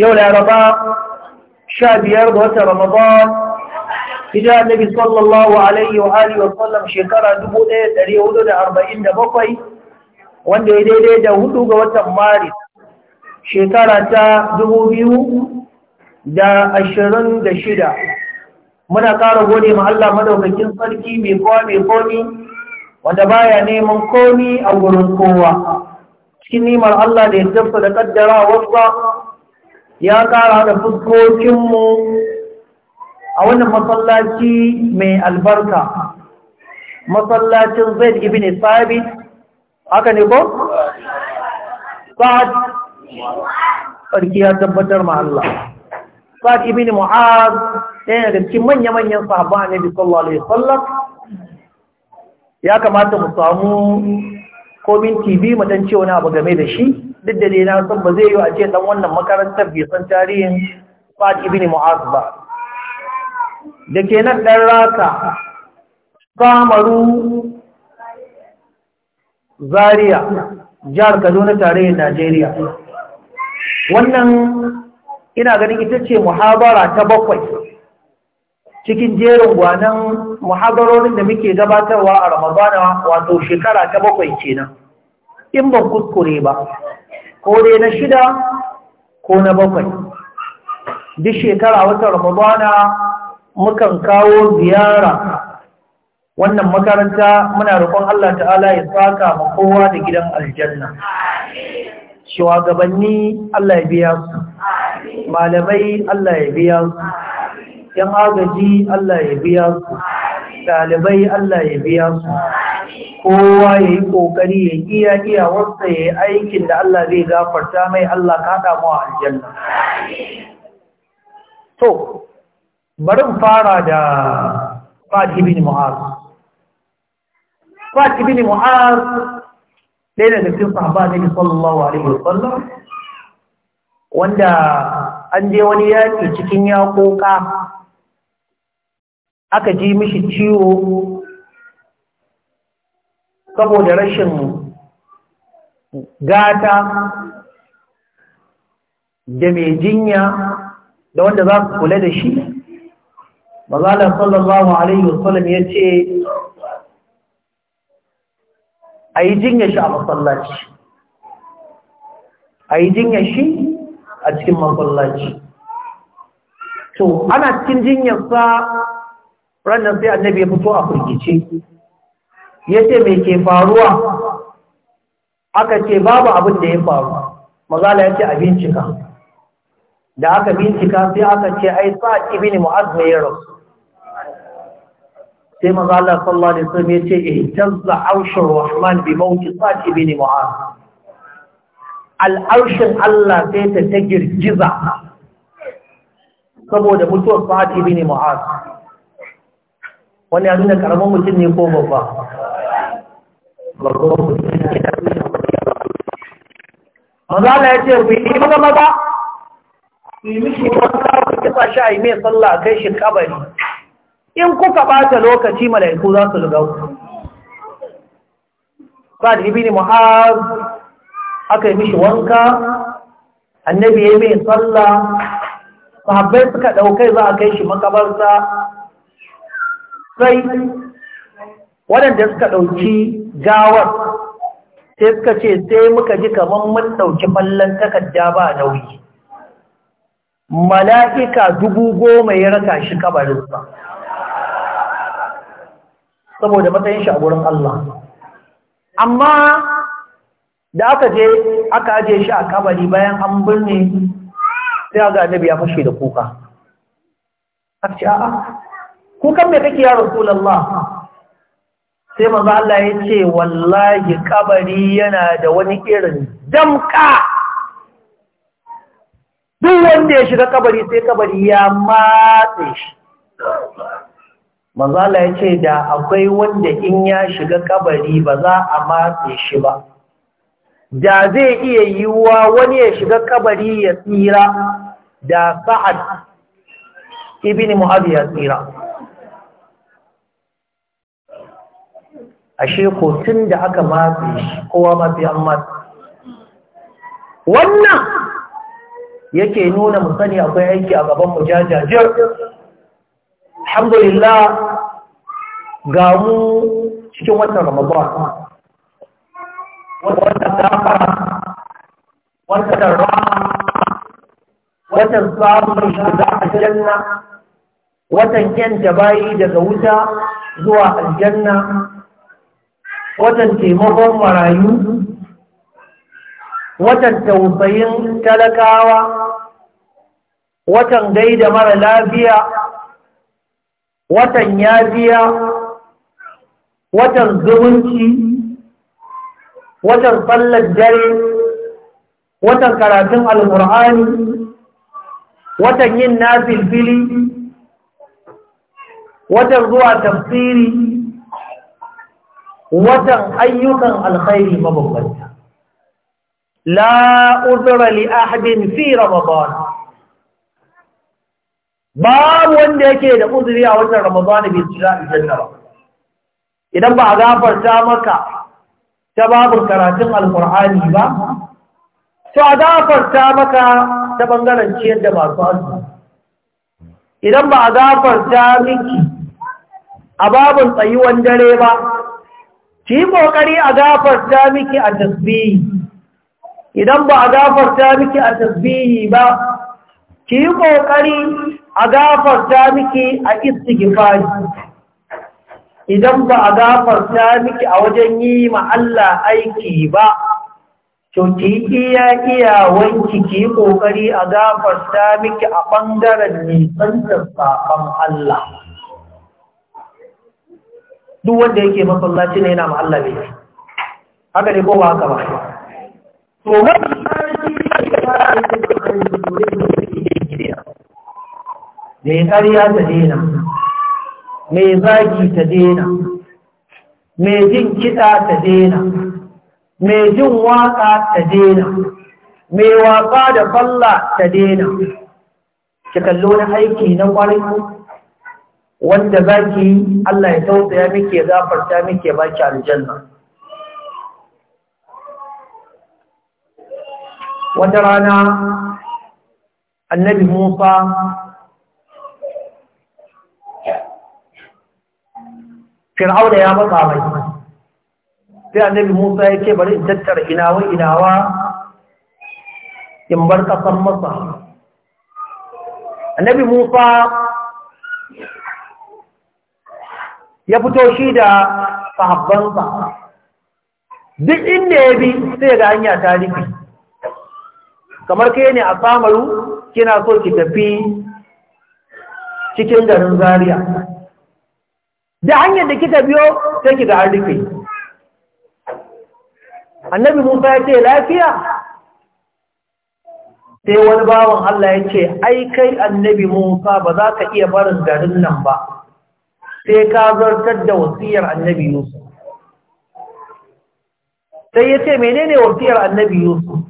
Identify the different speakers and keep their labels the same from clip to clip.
Speaker 1: yau laraba
Speaker 2: sha biyar ga watan ramadan hijira annabi sallallahu alaihi wa
Speaker 1: alihi wa sallam shekara 1447 wanda ya daidai da hudu ga watan maris shekara ta da ashirin da shida muna ƙara gode ma Allah madaukakin sarki mai kowa mai komi wanda baya neman komi a wurin kowa cikin nimar Allah da ya tafi da kaddara wasu ya kara da fuskokinmu a wannan masallaci mai albarka masallacin gibi ne sabi haka ne ko
Speaker 2: sa'adu ƙarki
Speaker 1: ya tabbatar ma Allah
Speaker 2: ibi ne mu'ad
Speaker 1: ɗaya da cikin manya-manyan sahaba ne bisallah alaihi sallallahu ya kamata mu samu ko minti biyu mu dan ce wani abu game da shi duk da dai na san ba zai yi a ce dan wannan makarantar bai san tarihin Fat ibn Mu'az ba da ke nan dan raka Samaru Zaria jihar Kaduna tarihin Najeriya wannan ina ganin ita ce muhabara ta bakwai cikin jerin gwanan muhadarorin da muke gabatarwa a ramadana wato shekara ta bakwai kenan in ban kuskure ba ko dai na shida ko na bakwai duk shekara wata ramadana mukan kawo ziyara wannan makaranta muna rikon Allah ta'ala ya saka ma kowa da gidan aljanna shugabanni Allah ya biya su malamai Allah ya biya su yan agaji Allah ya biya su ɗalibai Allah ya biya su kowa ya yi ƙoƙari ya iya iya wasa ya aikin da Allah zai gafarta mai Allah kaɗa mu a aljanna to barin fara da Fati bin Mu'az Fati bin Mu'az ɗaya daga cikin sahaba ne sallallahu alaihi wasallam wanda an je wani yaki cikin yaƙoƙa aka ji mishi ciwo saboda rashin gata da mai jinya da wanda za su kula da shi mazalar sallallahu alaihi wasallam ya ce a yi jinya shi a masallaci a yi jinya shi a cikin masallaci to ana cikin jinyarsa Rannan sai annabi ya fito a firgice ya ce mai ke faruwa aka ce babu abin da ya faru mazala ya ce a bincika da aka bincika sai aka ce ai sa'ad ibi ne ma’ad ya rasu sai mazala sallah da sami ya ce ihtazza aushur rahman bi mawti sa'ad ne ma’ad. al'arshin Allah sai ta ta girgiza saboda mutuwar sa'ad ne ma’ad. wani ya da karamin mutum ne ko babba babban maza na ya ce ku yi maza maza ku yi mishi wanka ku kisa shi a yi mai sallah a kai shi kabari in kuka ɓata lokaci mala'iku za su lugau sa'ad ibini mu'az aka yi mishi wanka annabi ya yi mai sallah sahabbai suka ɗaukai za a kai shi makabarta. sai waɗanda suka ɗauki gawar sai suka ce sai muka ji kamar mun ɗauki ɓallon takarda ba nauyi mala'ika dubu goma ya raka shi kabarinsa saboda matsayin shi a wurin Allah amma da aka je aka aje shi a kabari bayan an birni sai ga annabi ya fashe da kuka a ce a'a kukan mai kake ya rasulallah sai manzo Allah ya ce wallahi kabari yana da wani irin damka duk wanda ya shiga kabari sai kabari ya matse shi manzo Allah ya ce da akwai wanda in ya shiga kabari ba za a matse shi ba da zai iya yiwuwa wani ya shiga kabari ya tsira da sa'ad ibn mu'adh ya tsira ashe ko tun da aka matse shi kowa mafi an matse wannan yake nuna mu sani akwai aiki a gaban mu jajajir alhamdulillah ga mu cikin watan ramadan Wata safara wata rahama watan samun shiga aljanna watan kyanta bayi daga wuta zuwa aljanna watan taimakon marayu watan tausayin talakawa watan gaida mara lafiya watan yafiya watan zumunci watan tsallar dare watan karatun alkur'ani watan yin nafilfili watan zuwa tafsiri watan ayyukan alkhairi mabambanta la li ahadin fi ramadan babu wanda yake da uzuri a wannan ramadan bai shiga aljanna ba idan ba a gafarta maka ta babu karatun alqur'ani ba to a gafarta maka ta bangaren ciyar da masu azumi idan ba a gafarta miki a babin tsayuwan dare ba ki ƙoƙari a gafarta miki a tasbihi idan ba a gafarta miki a tasbihi ba ki kokari a gafarta miki a istighfari idan ba a gafarta miki a wajen yi ma Allah aiki ba to ki iya iya wanki ki kokari a gafarta miki a ɓangaren nisan sabon Allah duk wanda yake masallaci ne yana ma'alla ne haka ne ko ba haka ba to mai ƙarya ta dena mai zagi ta dena mai jin kiɗa ta dena mai jin waƙa ta dena mai waka da falla ta dena ki kallo na aiki na kwarin wanda zaki yi Allah ya tausaya miki ya gafarta miki ya baki aljanna wata rana annabi Musa Fir'auna ya matsa mai sai annabi Musa ya ce bari in tattara inawa inawa in bar kasan masa annabi Musa
Speaker 2: ya fito shi da sahabbansa
Speaker 1: duk inda ya bi sai ga hanya ta rufe kamar kai ne a samaru kina so ki tafi cikin garin Zariya. da hanyar da kika biyo sai ki ga an rufe annabi musa ya ce lafiya sai wani bawan allah ya ce ai kai annabi musa ba za ka iya barin garin nan ba sai ka zartar da wasiyar annabi yusuf sai ya ce menene wasiyar annabi yusuf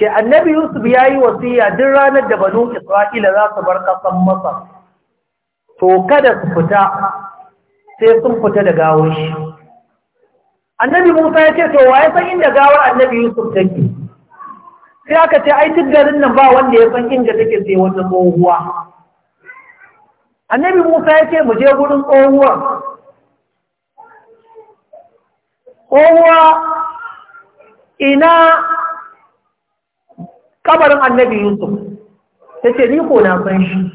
Speaker 1: ce annabi yusuf ya yi wasiya duk ranar da banu isra'ila za su bar kasan masa, to kada su fita sai sun fita da gawar shi annabi musa ya ce to ya san inda gawar annabi yusuf take sai aka ce ai garin nan ba wanda ya san inda take sai wata tsohuwa annabi musa ya ce mu je gurin ƙowuwa ina kabarin annabi yusuf ta ce ni ko na san shi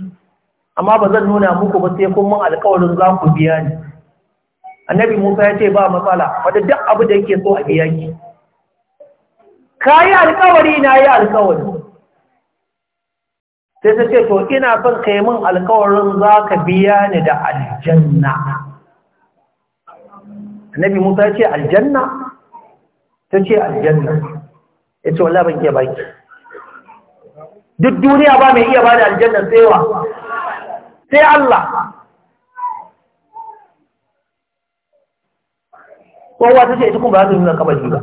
Speaker 1: amma ba zan nuna muku ba sai kun mun alkawarin za ku biya ni annabi musa ya ce ba matsala wadda duk abu da yake so a biya ki
Speaker 2: ka yi alkawari
Speaker 1: na yi alkawari sai ta ce to ina son kai min alkawarin za ka biya ni da aljanna annabi musa ya ce aljanna ta ce aljanna ya ce wala ban iya baki duk duniya ba mai iya ba da aljanna sai wa sai Allah kowa ta ce ita kuma ba za ta nuna kabari ba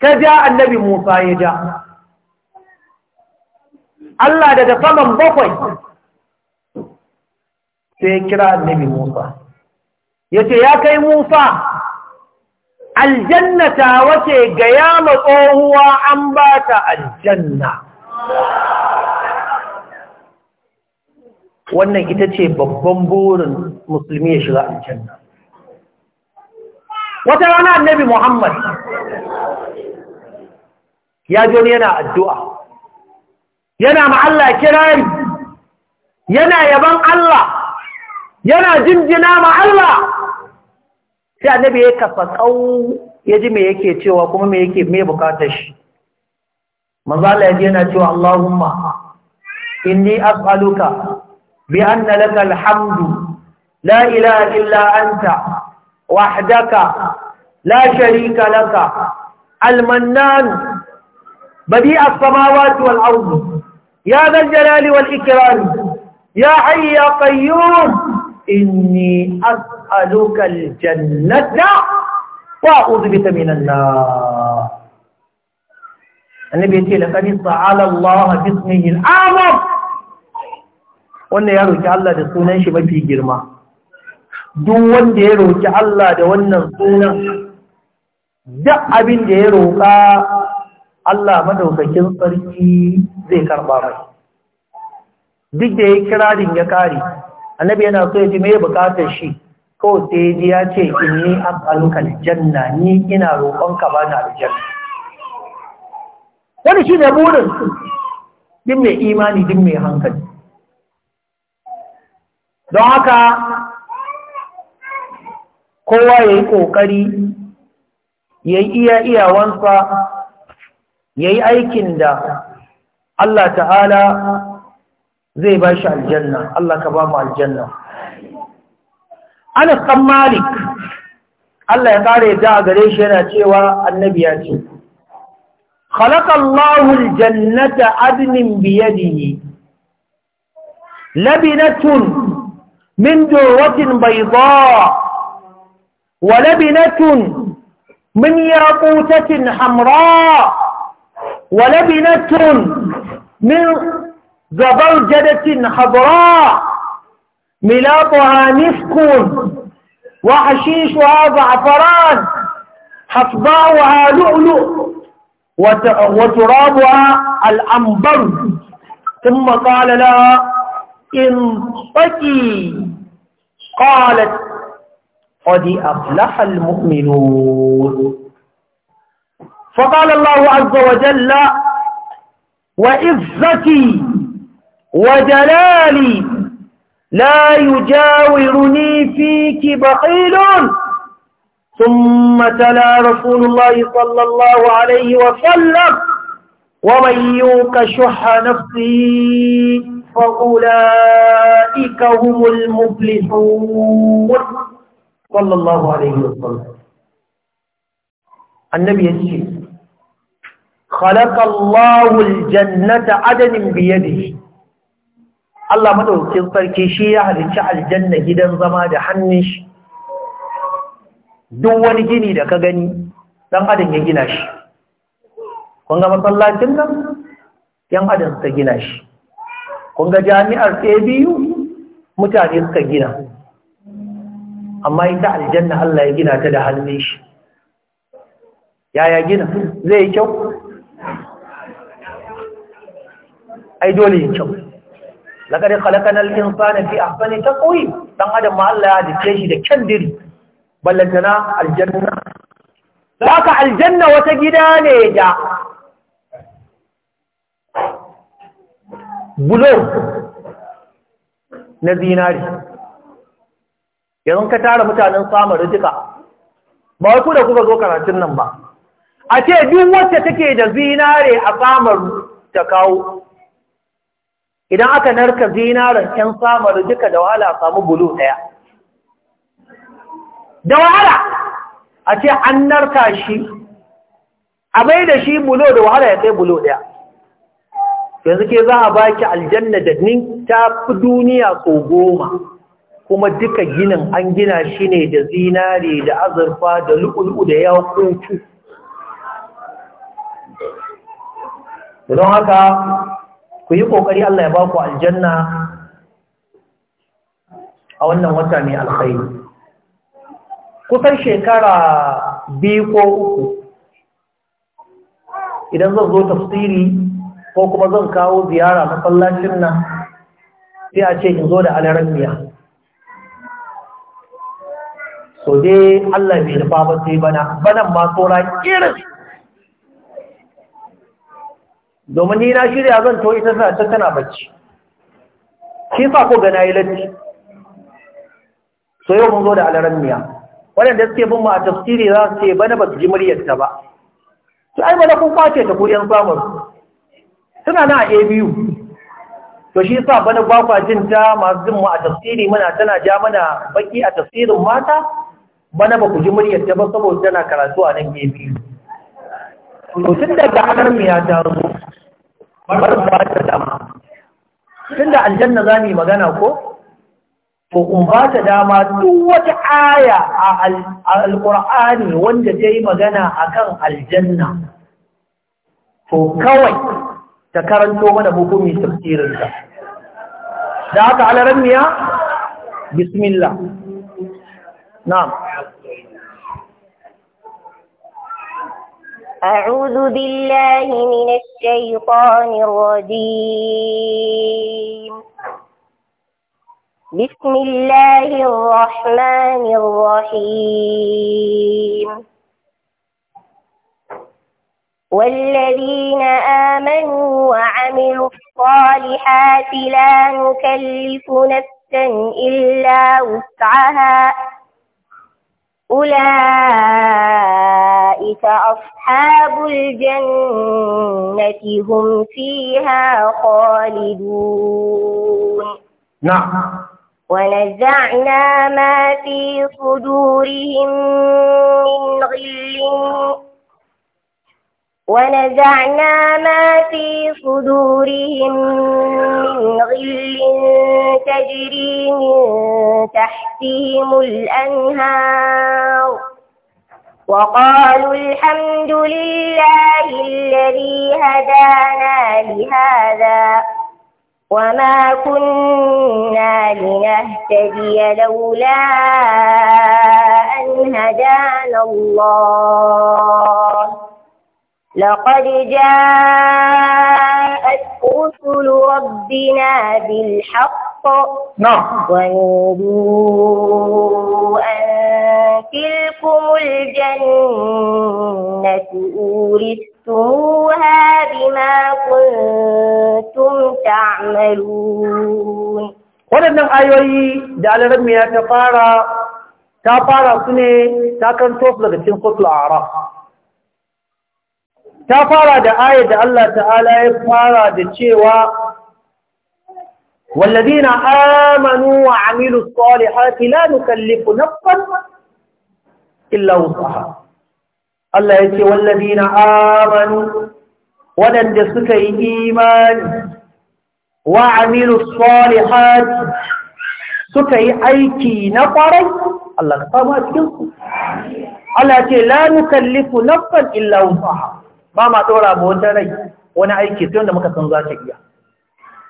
Speaker 1: ta ja annabi musa ya ja Allah daga saman bakwai sai ya kira annabi Musa ya ce ya kai Musa aljannata wace ga ya tsohuwa an ba ta aljanna wannan ita ce babban burin musulmi ya shiga aljanna wata rana annabi Muhammad ya ji yana addu'a yana ma Allah kirari yana
Speaker 2: yaban Allah
Speaker 1: yana jinjina ma Allah sai annabi ya kafa tsau ya ji me yake cewa kuma me yake mai bukatar shi manzo Allah yana cewa Allahumma inni as'aluka bi anna laka alhamdu la ilaha illa anta wahdaka la sharika laka almannan badi as-samawati wal يا ذا الجلال والإكرام يا حي يا قيوم إني أسألك الجنة وأذبت من النار النبي تيلة فنص على الله باسمه الأعظم وأنه يروج الله لسونا شبه في جرمه دون يروج الله دون سونا دع بن يروج الله مدوك جنطريه zai karɓa mai duk da ya kirarin ya kari annabi yana so ya ji mai bukatar shi kawai sai ya ji ya ce inni as'aluka janna, ni ina roƙonka ba na aljanna wani shi ne burin din mai imani din mai hankali don haka kowa ya yi ƙoƙari ya yi iya iyawansa ya yi aikin da Allah ta'ala zai ba shi aljanna Allah ka ba mu aljanna Anas kan Malik Allah ya kare da gare shi yana cewa annabi ya ce خلق الله الجنة عدن بيده لبنة من ذرة بيضاء ولبنة من ياقوتة حمراء ولبنة من زبرجدة خضراء ملاطها مسك وحشيشها زعفران حصباؤها لؤلؤ وترابها الأنبر ثم قال لها انطقي قالت قد أفلح المؤمنون فقال الله عز وجل وعزتي وجلالي لا يجاورني فيك بخيل ثم تلا رسول الله صلى الله عليه وسلم ومن يوق شح نفسه فأولئك هم المفلحون صلى الله عليه وسلم النبي الشيخ khalaqa Allahu al-jannata adanin biyadihi Allah madaukakin sarki shi ya halicci aljanna gidan zama da hannun shi duk wani gini da ka gani dan adam ya gina shi kun ga masallacin nan yan adam ta gina shi kun ga jami'ar biyu mutane suka gina amma ita aljanna Allah ya gina ta da hannun shi yaya gina zai yi kyau ai dole yin kyau laqad khalaqana al-insana fi ahsani taqwim dan adam ma Allah ya dace shi da kyan diri ballantana aljanna ka aljanna wata gida ne da bulo na zinari yanzu ka tara mutanen samun duka ba wai ku da kuka zo karatun nan ba a ce duk wacce take da zinare a samun ta kawo idan aka narka zinarin ƴan samar duka da wahala samu bulu ɗaya da wahala a ce an narka shi a bai da shi bulo da wahala ya kai bulo ɗaya yanzu ke za a baki aljanna da nin ta fi duniya ko goma kuma duka ginin an gina shi ne da zinare da azurfa da lu'ulu da yawon kutu don haka ku yi ƙoƙari Allah ya ba ku aljanna a wannan wata mai alkhairi kusan shekara biyu ko uku idan zan zo tafsiri ko kuma zan kawo ziyara masallacin nan sai a ce in zo da alarabiya so dai Allah bai rufa ba bana banan ma tsora kirin domin ni na shirya zan to ita sa can tana bacci shi sa ko ga nayi latti so yau mun zo da alaran miya waɗanda suke bin ma a tafsiri za su ce bana ba su ji muryarta ba to ai mana kun kwace ta ku yan samun suna na a abu to shi sa bana ba kwa jin ta masu jin mu a tafsiri muna tana ja mana baki a tafsirin mata bana ba ku ji muryarta ba saboda tana karatu a nan abu to tun daga alarmiya ta zo ba ta dama tunda aljanna za mu yi magana ko Ko in dama duk wata aya a alƙur'ani wanda ta yi magana akan aljanna to kawai ta karanto mana hukumi tafsirinta da haka alaramiya bismillah na'am
Speaker 3: أعوذ بالله من الشيطان الرجيم بسم الله الرحمن الرحيم والذين آمنوا وعملوا الصالحات لا نكلف نفسا إلا وسعها أولئك أصحاب الجنة هم فيها خالدون نعم ونزعنا ما في صدورهم من غل ونزعنا ما في صدورهم من غل تجري من تحتهم الأنهار وقالوا الحمد لله الذي هدانا لهذا وما كنا لنهتدي لولا أن هدانا الله لقد جاءت رسل ربنا بالحق نعم ونودوا أن تلكم الجنة أورثتموها بما كنتم تعملون
Speaker 1: waɗannan ayoyi da alarmiya ta fara ta fara su ne ta kan tosu daga cikin kotu a ta fara da ayar da Allah ta'ala ya fara da cewa wallazina amanu wa amilu salihati la nukallifu nafsan illa wusaha Allah ya ce wallazina amanu wadanda suka yi imani wa amilu salihati suka yi aiki na kwarai Allah ka fama cikin su Allah ce la nukallifu nafsan illa wusaha ba ma tsora ba wata rai wani aiki tun da muka san za ta iya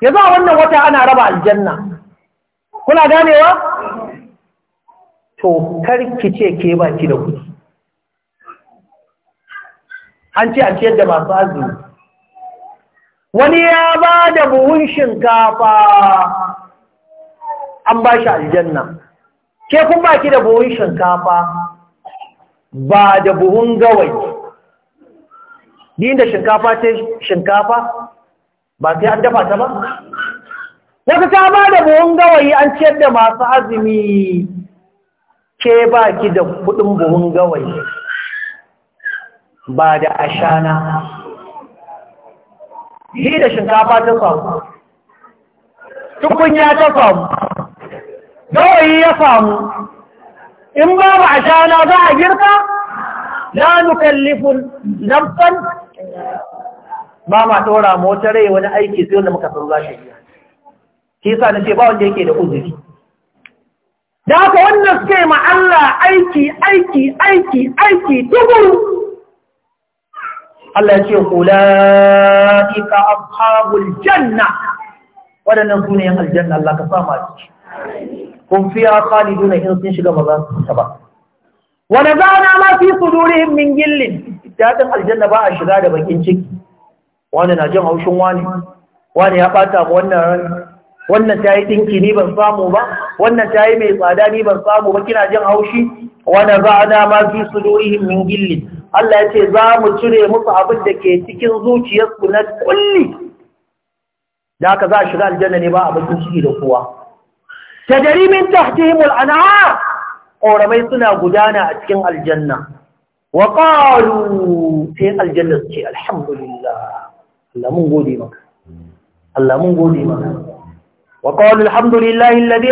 Speaker 1: Ya za wannan wata ana raba aljanna kuna ganewa to ki ce ke ba da kuɗi an ce a ciyar da masu azumi wani ya ba da buhun shinkafa an ba shi aljanna ke kun ba da buhun shinkafa ba da buhun gawayi ni inda shinkafa ce shinkafa ba sai an dafa ta ba wata ta ba da buhun gawayi an ciyar da masu azumi ke ba ki da kudin buhun gawayi ba da ashana ni da shinkafa ta samu ya ta samu gawayi ya samu in ba ba ashana za a girka la nukallifu nafsan ba ma ɗora mota rai wani aiki sai wanda muka san za biya Ki sa na ce ba wanda yake da uzuri da haka wannan suke ma Allah aiki aiki aiki aiki dubu Allah ya ce ika ashabul janna waɗannan sunayen aljanna Allah ka sa ma ciki kun fiya khaliduna in sun shiga ba za su ta ba za a ma fi su duri min gillin Daɗin aljanna ba a shiga da bakin ciki wani na jin haushin wani wani ya ɓata mu wannan ran wannan yi ɗinki ni ban samu ba wannan ta yi mai tsada ni ban samu ba kina jin haushi za a ma fi su duri min gillin Allah ya ce za mu cire musu abin da ke cikin zuciyarsu na kulli da aka za a shiga aljanna ne ba a bakin ciki da kowa Ta min tahtihimul al-anhar ƙoramai suna gudana a cikin aljanna wa ƙaru sai aljanna su ce alhamdulillah Allah mun gode maka Allah mun gode maka wa ƙaru alhamdulillah illabi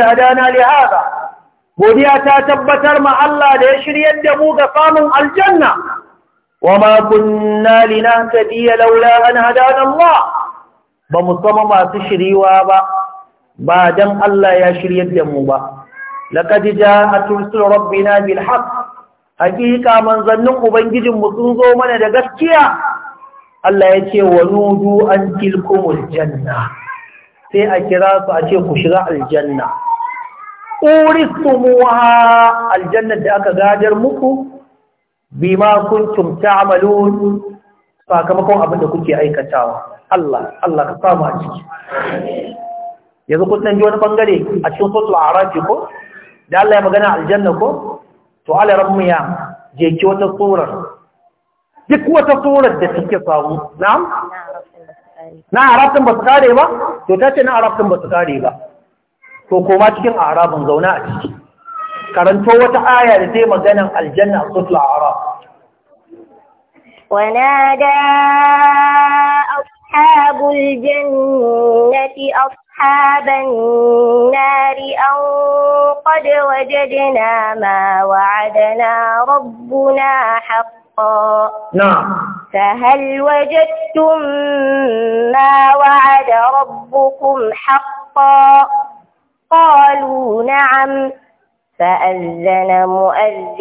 Speaker 1: godiya ta tabbatar ma Allah da ya shiryar da mu ga samun aljanna wa ma kunna linahtadiya laula an hadana Allah ba mu sama masu shiriwa ba ba dan Allah ya shiryar da mu ba laqad ja'at rusul rabbina bil haqq hakika manzannin ubangijin mu sun zo mana da gaskiya Allah ya ce wa nudu an tilkumul janna sai a kira su a ce ku shiga aljanna uristumuha aljanna da aka gadar muku bima kuntum ta'malun sakamakon abin da kuke aikatawa Allah Allah ka a ciki yanzu kun dan ji wani bangare a cikin suratul a'raf ko da Allah ya magana aljanna ko to ala rabbiya je ki wata surar duk wata surar da take samu na'am na arabtin ba su kare ba to tace na arabtin ba su kare ba to koma cikin arabin zauna a ciki karanto wata aya da take maganan aljanna sutul arab
Speaker 3: ونادى أصحاب الجنة أصحاب أصحاب النار أن قد وجدنا ما وعدنا ربنا حقا نعم فهل وجدتم ما وعد ربكم حقا قالوا نعم فأذن مؤذن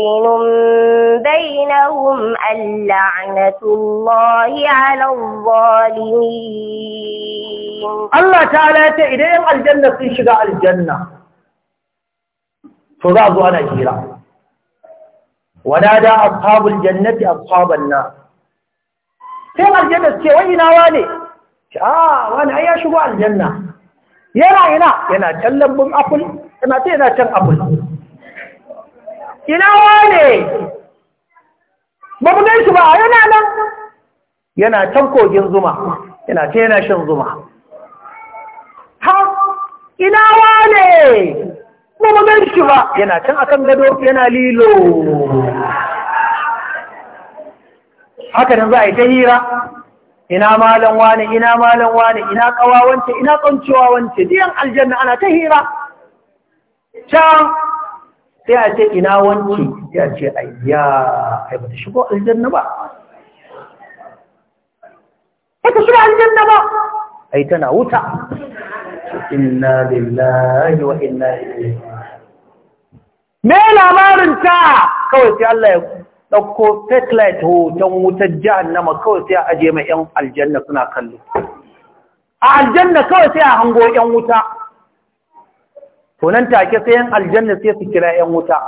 Speaker 3: بينهم اللعنة الله على الظالمين
Speaker 1: الله تعالى تأذن الجنة في شقاء الجنة فرازوا أنا جيرا ونادى أصحاب الجنة أصحاب النار في الجنة وين وانا آه وانا يا شبع الجنة يا رأينا يلا يلا يلا تلبم أبل يلا تلبم أبل ina wane ba mu gan shi
Speaker 3: ba yana nan
Speaker 1: yana can kogin zuma yana ce yana shan zuma
Speaker 3: ha ina
Speaker 1: wane ba mu gan shi ba yana can akan gado yana lilo
Speaker 2: haka nan za a yi ta hira
Speaker 1: ina malan wane ina malan wane ina kawa wance ina tsancewa wance diyan aljanna ana ta hira can sai a ce ina wanki sai a ce ayya ai ba ta shigo aljanna ba ba ta shigo aljanna ba ai tana wuta inna lillahi wa inna ilaihi me labarin ta kawai sai Allah ya dauko satellite hoton wutar jahannama kawai sai a aje mai yan aljanna suna kallo a aljanna kawai sai a hango yan wuta to nan take sai yan aljanna sai su kira yan wuta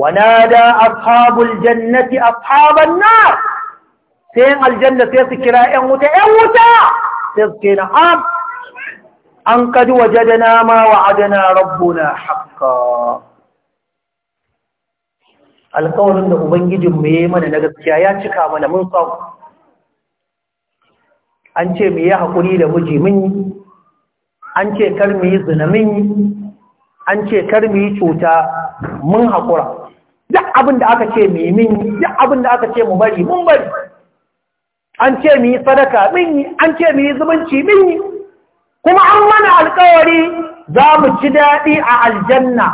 Speaker 1: wanada ashabul jannati ashaban nar sai yan aljanna sai su kira yan
Speaker 2: wuta yan wuta
Speaker 1: sai su ce na'am an kad wajadana ma wa'adana rabbuna haqqan alƙawarin da ubangijin mu yayi mana na gaskiya ya cika mana mun samu an ce mu yi haƙuri da miji mun yi an ce kar mu yi zina mun yi an ce kar mu yi cuta mun haƙura duk abin da aka ce mu yi min duk abin da aka ce mu bari mun bari an ce mu yi sadaka min yi an ce mu yi zumunci min yi kuma an mana alkawari za mu ci daɗi a aljanna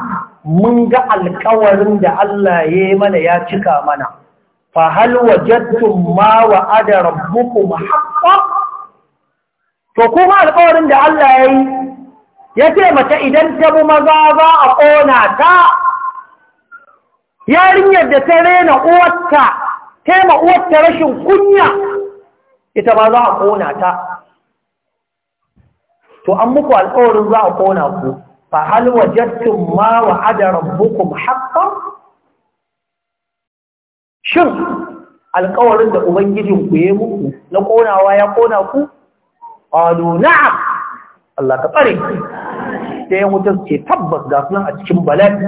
Speaker 1: mun ga alkawarin da Allah ya yi mana ya cika mana fa hal wajadtum ma wa'ada rabbukum haqqan to kuma alkawarin da Allah ya yi ya ce mata idan ta bu maza za a ƙona ta yarinyar da ta rena uwarta taima uwarta rashin kunya ita ba za a ƙona ta to an muku alƙawarin za a ƙona ku fa halwa wajadtum ma wa'ada rabbukum haqqan shin alƙawarin da ubangijin ku yi muku na ƙonawa ya ƙona ku qalu na'am Allah ka tsare sai yan wuta suke ce tabbas ga sunan a cikin balad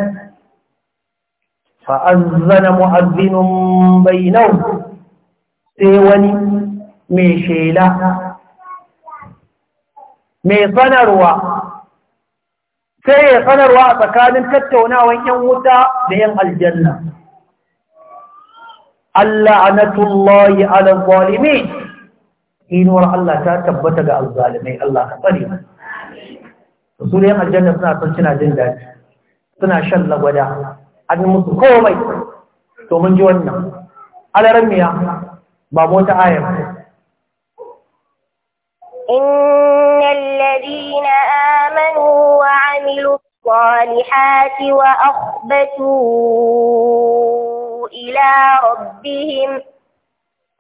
Speaker 1: fa'azzana mu'azzinun bainau sai wani mai shela mai sanarwa sai ya sanarwa a tsakanin tattaunawan yan wuta da yan aljanna Allah anatullahi ala zalimin inuwar Allah ta tabbata ga alzalimai Allah ka tsare su ne aljanna suna son suna jin daɗi suna shan lagwada an musu komai to mun ji wannan alaran miya ba mota ayar
Speaker 3: إن الذين آمنوا وعملوا الصالحات وأخبتوا إلى ربهم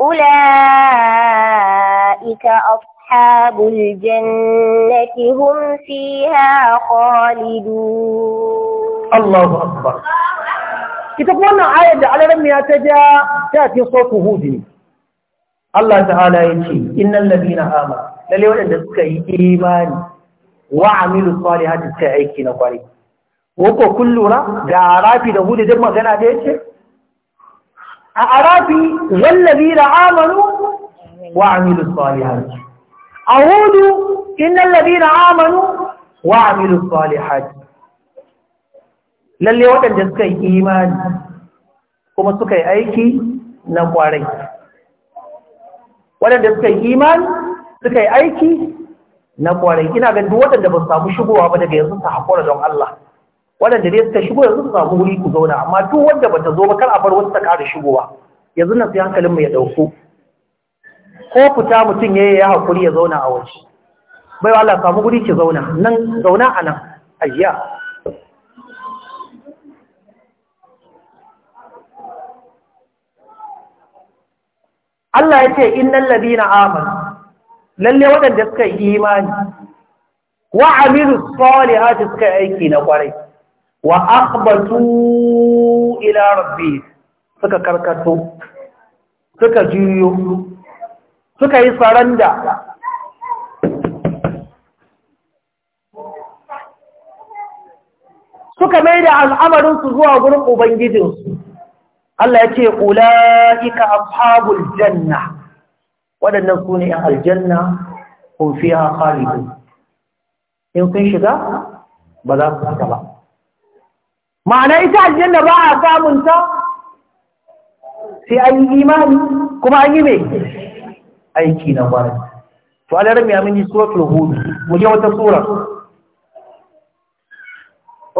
Speaker 3: أولئك أصحاب أصحاب الجنة هم فيها خالدون
Speaker 2: الله أكبر
Speaker 3: كتاب وانا آية
Speaker 1: على رمي أتجا تأتي صوت هود الله تعالى يقول إن الذين آمنوا للي ولد سكي إيمان وعملوا الصالحات سكي نقري وكو كلنا جعرافي دهود جمع جنا ديش أعرافي والذين آمنوا وعملوا الصالحات أقول إن الذين آمنوا وعملوا الصالحات lalle waɗanda suka yi imani kuma suka yi aiki na ƙwarai waɗanda suka yi ina ganin waɗanda ba samu shigowa daga yanzu su haƙura don Allah waɗanda dai suka shigo yanzu su samu wuri ku zauna amma duk wanda ba zo ba kar a bar wasu ta ƙara shigowa yanzu nan sai hankalinmu ya ɗauko ko fita mutum ya yi ya haƙuri ya zauna a waje bai wa Allah samu guri ki zauna nan zauna a nan ayya Allah ya ce innal ladina amanu lalle waɗanda suka yi imani wa amilus salihati suka aiki na kwarai wa akhbatu ila rabbi suka karkato suka juyo suka yi saranda suka mai da al'amarinsu zuwa gurin Ubangijinsu, Allah ya ce, Ula'ika ashabul janna, waɗannan su ne aljanna, kun fi ha khalidu. In kun shiga, ba za su haka ba. Ma'ana ita aljanna ba a samunta, sai an yi imani, kuma an yi mai aiki na kwarai to an rami amini suratul hud mu je wata sura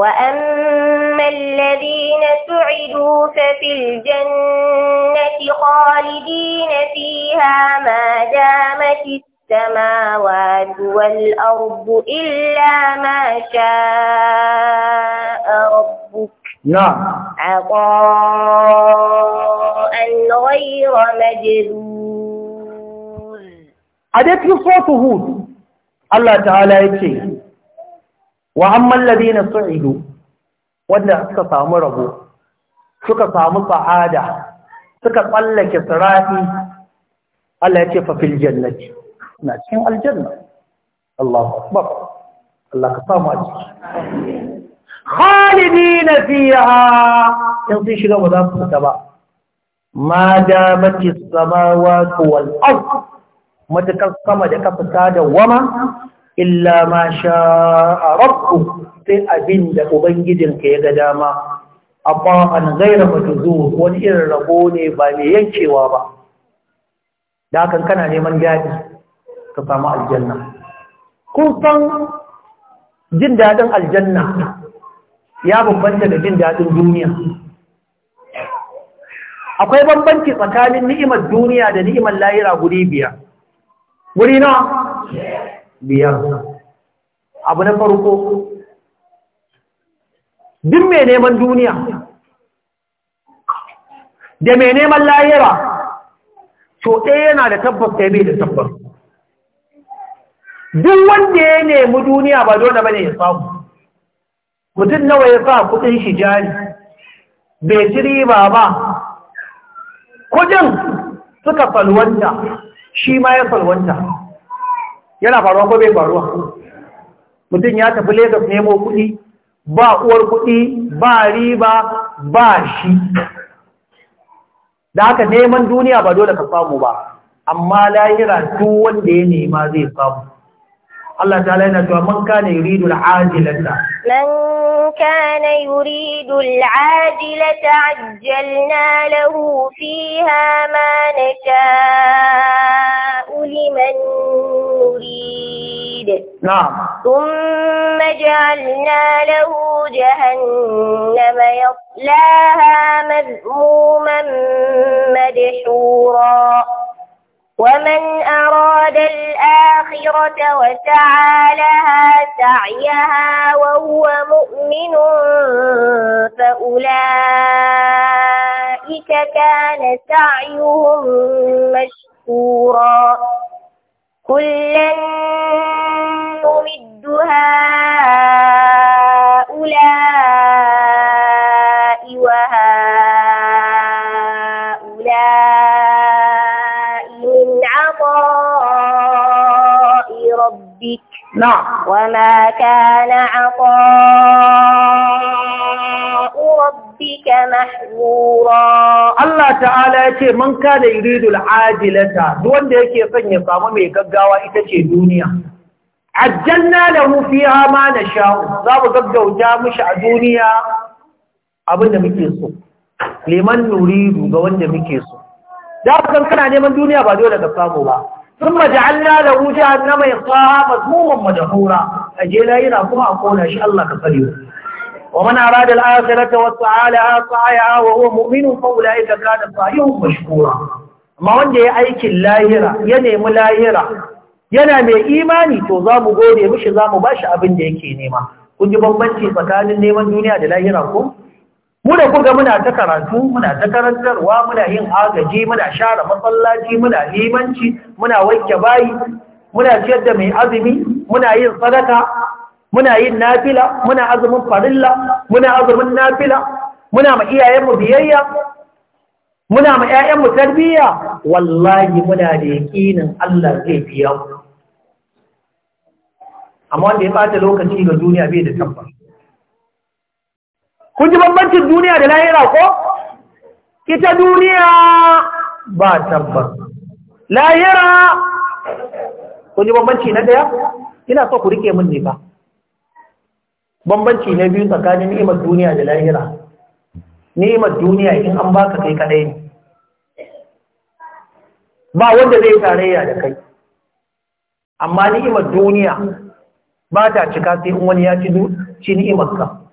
Speaker 3: wa amma alladhina su'idu fa fil jannati khalidin fiha ma damat السماوات والأرض إلا ما شاء ربك نعم عطاء غير مجذوب
Speaker 1: a dai cikin sotu hud Allah ta'ala ya ce wa amman ladina su'idu wanda suka samu rabo suka samu sa'ada suka tsallake sirati Allah ya ce fa fil jannati na cikin aljanna Allahu akbar Allah ka samu a ciki khalidina fiha in sun shiga ba za su fita ba ma damati samawati wal ardh matakar sama da ka fita da wama illa ma sha'a rabbu sai abin da ubangijinka ya ga dama amma an gaira zuwa wani irin rabo ne ba mai yankewa ba da hakan kana neman gadi ka samu aljanna kun san jin daɗin aljanna ya bambanta da jin daɗin duniya akwai bambanci tsakanin ni'imar duniya da ni'imar layira guri biyar guri na biyar abu na farko duk mai neman duniya da mai neman lahira so ɗaya yana da tabbas ɗaya bai da tabbas duk wanda ya nemi duniya ba dole ba ne ya samu mutum nawa ya sa kudin shi jari bai ci ba ba kudin suka falwanta shi ma ya salwanta yana faruwa ko bai faruwa mutum ya tafi lagos nemo kuɗi ba uwar kuɗi ba riba ba shi da haka neman duniya ba dole ka samu ba amma lahira duk wanda ya nema zai samu Allah ta'ala yana cewa man kana yuridu al'ajilata
Speaker 3: man kana yuridu al'ajilata ajjalna lahu fiha ma nasha'u liman nurid na'am thumma ja'alna lahu jahannama yaslaha madhmuman madhura ومن أراد الآخرة وسعى لها سعيها وهو مؤمن فأولئك كان سعيهم مشكورا كلا نمد هؤلاء وهؤلاء نعم وما كان عطاء ربك محظورا
Speaker 1: الله تعالى يتي من كان يريد العاجلة دون ذلك يكي يصنع يصام ميكا قاوة إتشي عجلنا له فيها ما نشاء ذاب قد وجامش عدونيا abinda muke so liman nuridu ga wanda muke so da kan kana neman duniya ba dole ثم جعلنا له جهنم يصلاها مذموما مدحورا اجل الى كما اقول ان شاء الله كفليو ومن اراد الاخره وسعى لها سعيها وهو مؤمن فاولئك كان سعيهم مشكورا ما wanda ya aikin lahira ya nemi lahira yana mai imani to za mu gode mishi za mu bashi abin da yake nema kun ji bambanci tsakanin neman duniya da lahira ko mu da muna ta karatu muna ta karantarwa muna yin agaji muna share masallaci muna limanci muna wanke bayi muna ciyar da mai azumi muna yin sadaka muna yin nafila muna azumin farilla muna azumin nafila muna ma iyayenmu biyayya muna ma ƴaƴanmu tarbiyya wallahi muna da yaƙinin Allah zai biya mu amma wanda ya bata lokaci ga duniya bai da tabbas kun ji bambancin duniya da lahira ko ita duniya ba tabbar, lahira kun ji bambanci na daya ina so ku rike min ne ba bambanci na biyu tsakanin ni'imar duniya da lahira ni'imar duniya in an baka kai kadai ne ba wanda zai tarayya da kai amma ni'imar duniya ba ta cika sai in wani ya ci ni'imar ka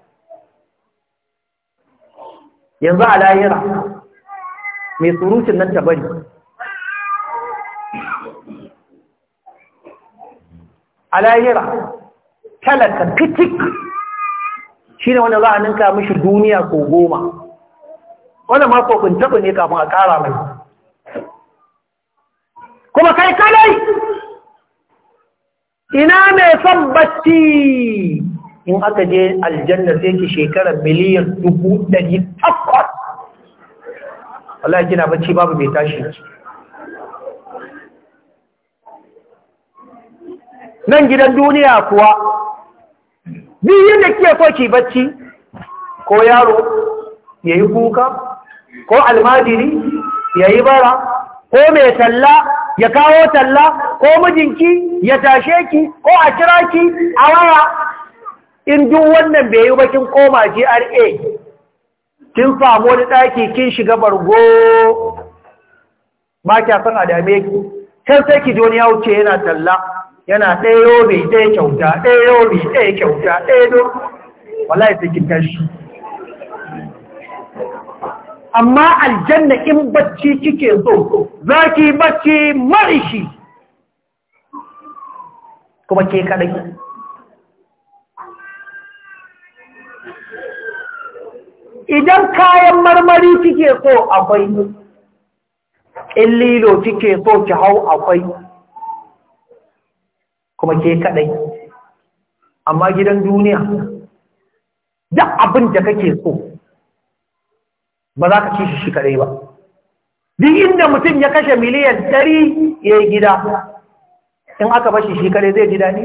Speaker 1: yanzu a lahira mai surutun nan ta bari a lahira talaka kitik shi ne wani za'a ninka mishi duniya ko goma wani mako kokun taɓa ne kafin a ƙara mai kuma kai kadai ina mai son bacci in aka je aljanna sai ki shekarar miliyan dubu ɗari takwas ya gina bacci babu mai tashi nan gidan duniya kuwa ni yadda kike so ki bacci ko yaro yayi kuka ko almajiri yayi bara ko mai talla ya kawo talla ko mijinki ya tashe ki ko a kira ki a waya in duk wannan bai yi bakin koma GRA kin samu wani ɗaki kin shiga bargo ba kya san a dame ki kan sai ki joni ya wuce yana talla yana ɗaya yobe ɗaya kyauta ɗaya yobe ɗaya kyauta ɗaya don wallahi sai kin tashi amma aljanna in bacci kike zo, za ki bacci marishi kuma ke kaɗai idan kayan marmari kike so akwai in lilo kike so ki hau akwai kuma ke kaɗai amma gidan duniya duk abin da kake so ba za ka ci shi shi kaɗai ba duk inda mutum ya kashe miliyan ɗari ya yi gida in aka bashi shi kadai zai ji daɗi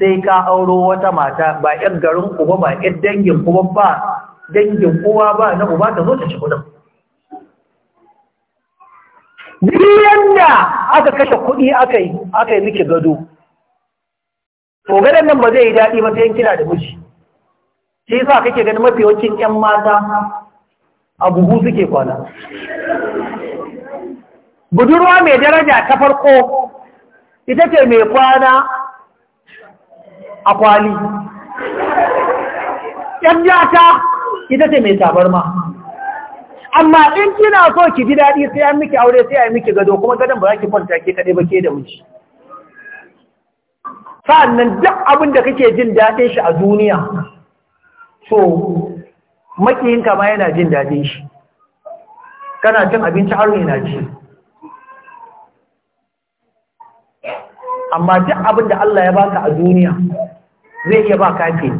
Speaker 1: sai ka auro wata mata ba 'yan garin ku ba 'yan dangin ku ba dangin kowa ba na uba ta zo ta ci kudin biliyan da aka kashe kuɗi aka yi aka gado to gadon nan ba zai yi daɗi ba sai kina da miji shi sa kake ganin mafi yawancin 'yan mata a buhu suke kwana budurwa mai daraja ta farko ita ce mai kwana a kwali yan jata ita ce mai tabarma amma in kina so ki ji daɗi sai an miki aure sai an miki gado kuma gadon ba za ki kwanta ke kaɗai ba ke da miji nan duk abin da kake jin daɗin shi a duniya so makiyinka ma yana jin daɗin shi kana cin abinci har yana ci amma duk abin da Allah ya baka a duniya zai iya ba kafe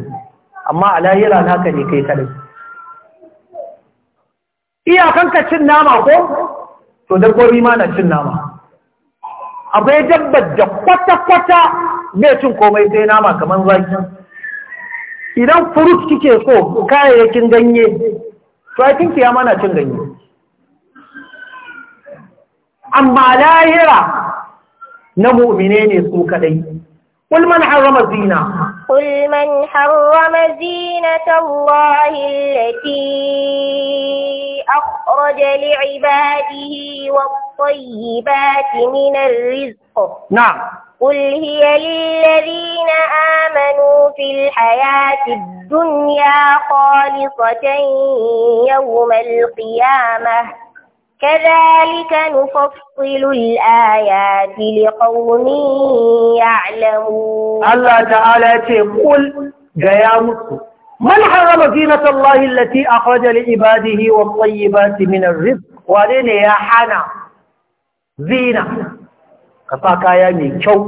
Speaker 1: amma a lahira naka ne kai kadai iyakanka cin nama ko to dabbobi ma na cin nama akwai dabbar da kwata-kwata bai cin komai sai nama kamar zaki idan furut kike so kayayyakin ganye to a kinki ya mana cin ganye
Speaker 3: amma lahira
Speaker 1: na mu'mine ne su kadai قل من حرم الزينة
Speaker 3: قل من حرم زينة الله التي أخرج لعباده والطيبات من الرزق نعم قل هي للذين آمنوا في الحياة الدنيا خالصة يوم القيامة كذلك نفصل الآيات لقوم يعلمون
Speaker 1: الله تعالى يقول قيامكم man harrama zinatallahi allati akhraja li ibadihi wat tayyibati min ar-rizq wane ne ya hana zina ka sa kaya mai kyau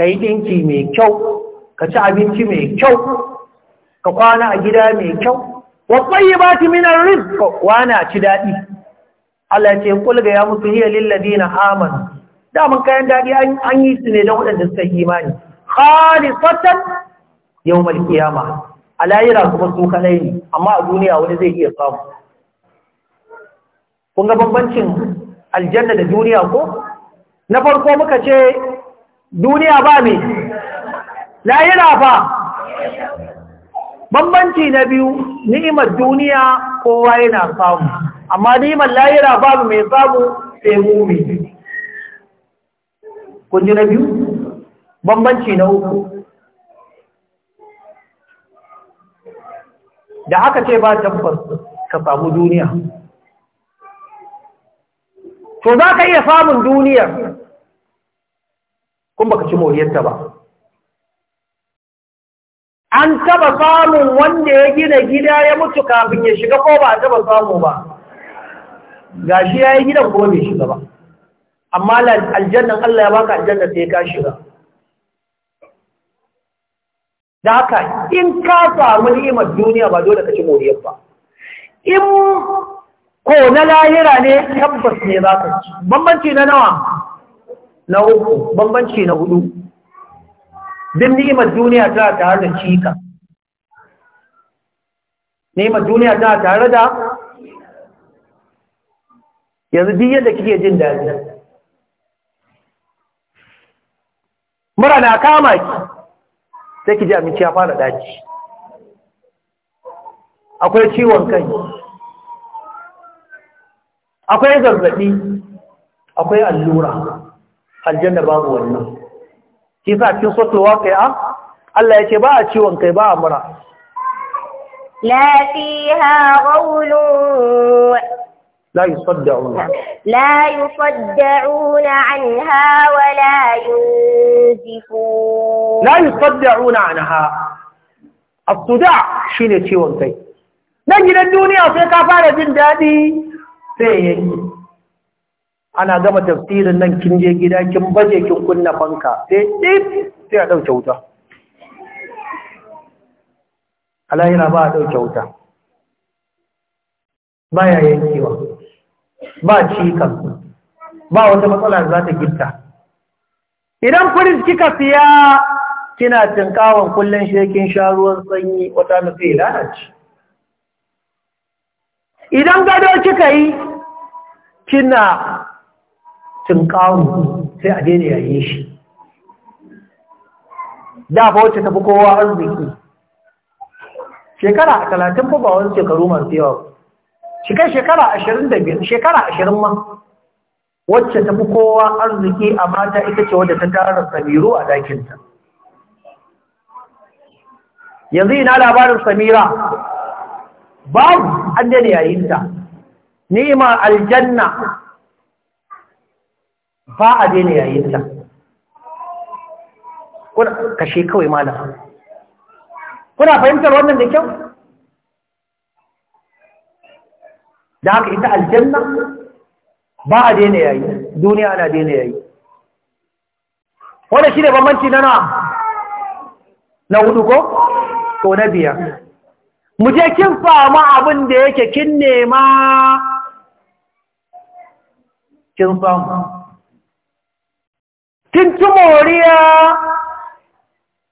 Speaker 1: ka yi ɗinki mai kyau ka ci abinci mai kyau ka kwana a gida mai kyau wasayi ba ti minar rizko wana ci daɗi Allah ce kulga ya musu hiya lillazi na amanu daman kayan daɗi an yi su ne don waɗanda suka imani khalisatan yau malkiyama a layira kuma su kanai ne amma a duniya wani zai iya samu kun ga bambancin aljanna da duniya ko na farko muka ce duniya ba me
Speaker 2: layira fa
Speaker 1: bambanci na biyu ni'imar duniya kowa yana samu amma ni'imar layira babu mai samu sai mumi kun ji na biyu bambanci na uku da aka ce ba tabbas ka samu duniya to za ka iya samun duniyar kun baka ci moriyarta ba an taba samun wanda ya gina gida ya mutu kafin ya shiga ko ba a taba samu ba gashi ya yi gidan kuma bai shiga ba amma aljannan Allah ya baka aljanna sai ka shiga da haka in ka samu ni'imar duniya ba dole ka ci moriyar ba in ko na lahira ne tabbas ne za ka ci bambanci na nawa na uku bambanci na hudu din ni'imar duniya tana tare da ka ni'imar duniya tana tare da yanzu duk yadda kike jin daɗi mura na kama ki sai ki ji amince ya fara daci akwai ciwon kai akwai zazzaɓi akwai allura aljanna babu wannan Ki sa cikin sotowa kai a Allah ya ce ba a ciwon kai ba a mura
Speaker 3: la fiha qawlun
Speaker 1: لا يصدعون
Speaker 3: لا يصدعون عنها ولا ينزفون لا يصدعون
Speaker 1: عنها الصداع شيء ciwon kai nan gidan duniya sai ka fara jin daɗi sai yayi ana gama tafsirin nan kin je gida kin baje kin kunna fanka sai dip a dauke wuta alayira ba a dauke wuta baya yankewa ba cikas ba wata matsala za ta girta idan firis kika siya kina tinkawan kullun shekin sha ruwan sanyi wata nufi lalace idan gado kika yi kina tinkawun sai a daina yayin shi da ba wacce tafi kowa arziki shekara a talatin ba wani shekaru masu yawa shigar shekara ashirin da biyar shekara ashirin ma wacce ta fi kowa arziki a mata ita ce wadda ta tara samiru a dakinta yanzu ina labarin samira babu an daina yayinta Nima aljanna ba a daina yayinta kashe kawai malam kuna fahimtar wannan da kyau da haka ita aljanna ba a daina yayi duniya ana daina yayi wanda shi ne bambanci na na na hudu ko ko na biya? mu je kin fama abin da yake kin nema kin fama kin ci moriya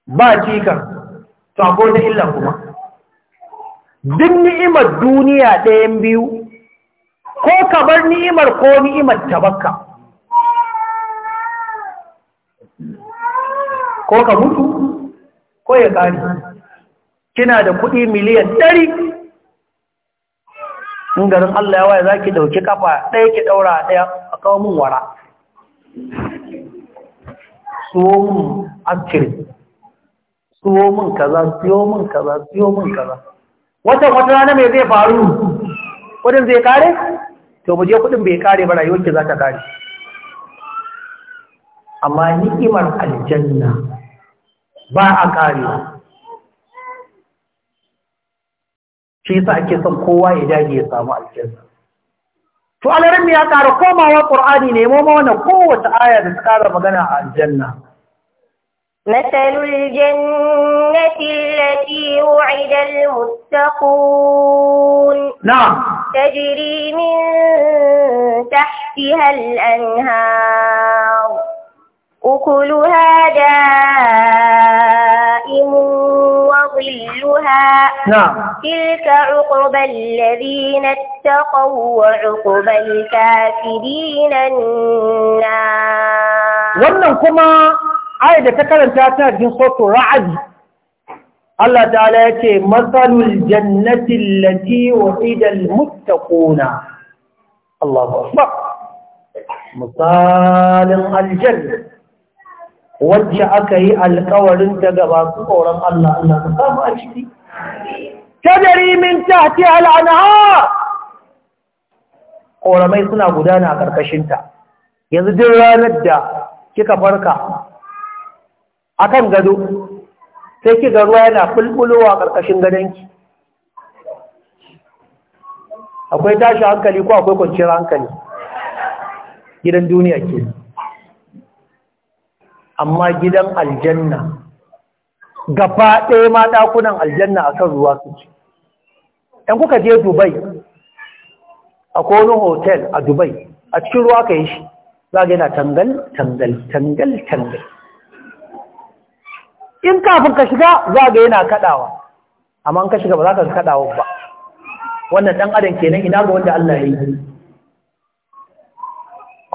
Speaker 1: ba cika to akwai da illan kuma duk ni'imar duniya ɗayan biyu ko ka bar ni'imar ko ni'imar ta baka ko ka mutu ko ya ƙari kina da kuɗi miliyan ɗari in garin Allah ya waya za ki ɗauki kafa ɗaya ki ɗaura ɗaya a kawo mun wara suwo mun askirin mun kaza suwo mun kaza suwo mun kaza watan wata rana mai zai faru wajen zai kare? to mu je kudin bai kare ba rayuwar ki za ta kare amma ni'imar aljanna ba a karewa shi yasa ake son kowa ya dage ya samu aljanna to alarin ya kare komawa qur'ani ne mu ma wannan kowace aya da ta kare magana a aljanna
Speaker 3: مثل الجنة التي وعد المتقون نعم تجري من تحتها الأنهار أكلها دائم وظلها نعم تلك عقبى الذين اتقوا وعقبى الكافرين النار
Speaker 1: wannan kuma ayat da ta karanta ta cikin suratul ra'd Allah ta'ala yace masalul jannati allati wa'ida almuttaquna Allahu akbar misalin aljanna wacce aka yi alkawarin daga masu tsoron Allah Allah ta samu a ciki tajari min tahti al'anhar ƙoramai suna gudana a ƙarƙashinta yanzu duk ranar da kika farka akan gado sai ki ga ruwa yana bulbulowa ƙarƙashin gadonki akwai tashi hankali ko akwai kwanciyar hankali gidan duniya ke amma gidan aljanna gaba ɗaya ma ɗakunan aljanna a kan ruwa su ce ‘yan kuka je dubai a kone hotel a dubai a cikin ruwa ka yi shi za ga yana tangal tangal tangal tangal in kafin ka shiga za ga yana kaɗawa amma in ka shiga ba za ka kaɗawa ba wannan ɗan adam kenan ina ga wanda Allah ya yi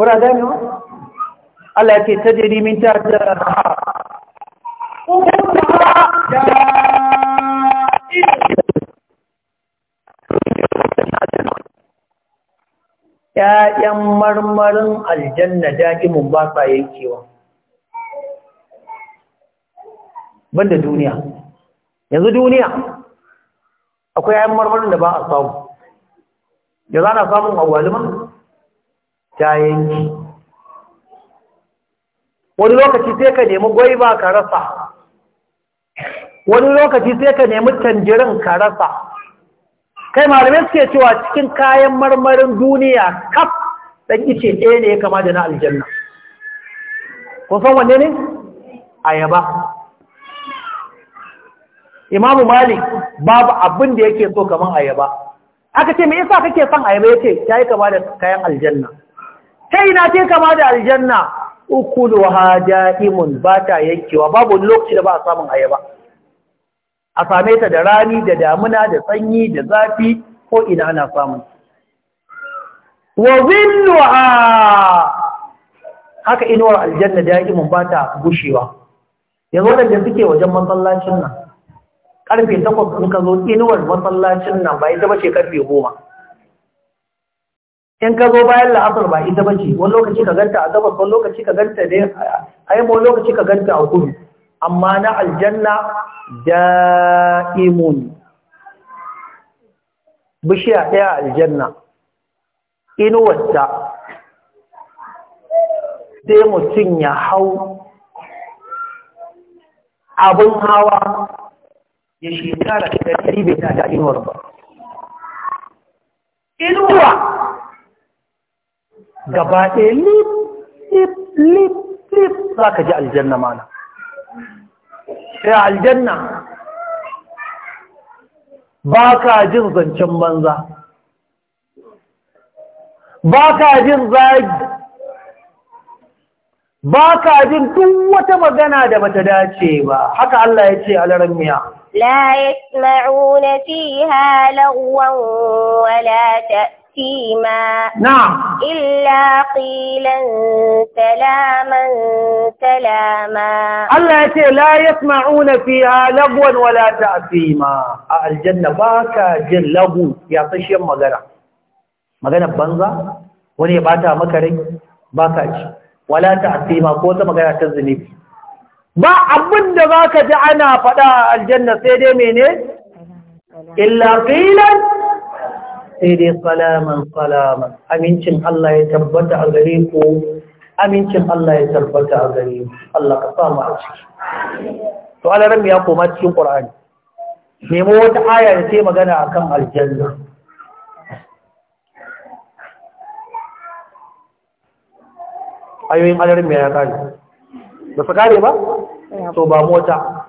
Speaker 1: kuna gani wa Allah ya ce ta jiri min ta da ‘Ya'yan marmarin aljanna da'imun ba sa yankewa’. banda duniya yanzu duniya akwai ayan marmarin da ba a samu da za na samun agwaluma ta yanki wani lokaci sai ka nemi gwaiba ka rasa wani lokaci sai ka nemi tanjirin ka rasa kai malamai suke cewa cikin kayan marmarin duniya kaf dan ice ɗaya ne ya kama da na aljanna kun san wanne ne ayaba imamu malik babu abin da yake so kaman ayaba aka ce mai isa kake son ayaba yace yi kama da kayan aljanna yi na ce kama da aljanna ukuluha da'imun ba ta yankewa babu lokaci da ba a samun ayaba a same ta da rani da damuna da sanyi da zafi ko ina ana samun wa haka inuwar aljanna da'imun ba ta gushewa yanzu wadanda suke wajen masallacin nan karfe takwas in ka zo inuwar masallacin nan ba ita bace karfe goma in ka zo bayan la'asar ba ita bace wani lokaci ka ganta a gabas wani lokaci ka ganta da aimo lokaci ka ganta a kudu amma na aljanna da'imun bishiya ɗaya aljanna inuwarta sai mutum ya hau abin hawa
Speaker 2: ya shekara
Speaker 1: da ɗari bai ta da inuwar ba inuwa gaba ɗaya lip lip lip lip za ka ji aljanna mana sai aljanna ba ka jin zancen banza ba ka jin zagi ba ka jin duk wata magana da bata dace ba haka Allah ya ce a laran miya
Speaker 3: لا يسمعون فيها لغوا ولا تأثيما نعم إلا قيلا سلاما سلاما الله
Speaker 1: لا يسمعون فيها لغوا ولا تأثيما الجنة باكا جن لغو يعطيش مغنى مغنى بنزا وني باتا مكري باكا ولا تأثيما قوة مغنى تزنيبي ba abin da za ka ji ana faɗa a aljanna sai dai mene illa filan sai dai salaman salaman amincin Allah ya tabbata a gare ku amincin Allah ya tabbata a gare ku Allah ka samu a
Speaker 2: ciki
Speaker 1: to alaran ya koma cikin Qur'ani nemo wata aya da ce magana akan aljanna ayoyin alaran ya kare da su kare ba? to ba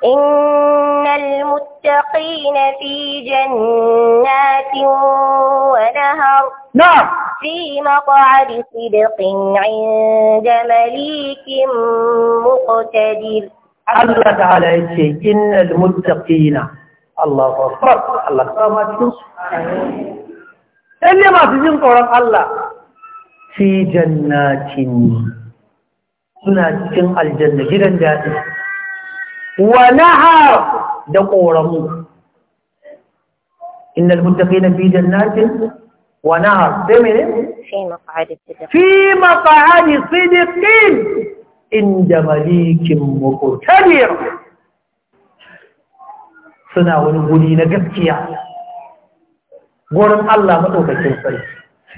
Speaker 3: إن المتقين في جنات ونهر نعم في مقعد صدق عند مليك مقتدر
Speaker 1: الله تعالى يقول إن المتقين Allahu akbar Allah ka ma cikin su lalle masu jin tsoron Allah fi jannatin suna cikin aljanna gidan daɗi wa nahar da ƙoramu innal na fi jannatin wa nahar sai mene fi maq'adi sidikin. inda malikin muqtadir suna wani guri na gaskiya gurin Allah maɗaukakin sarki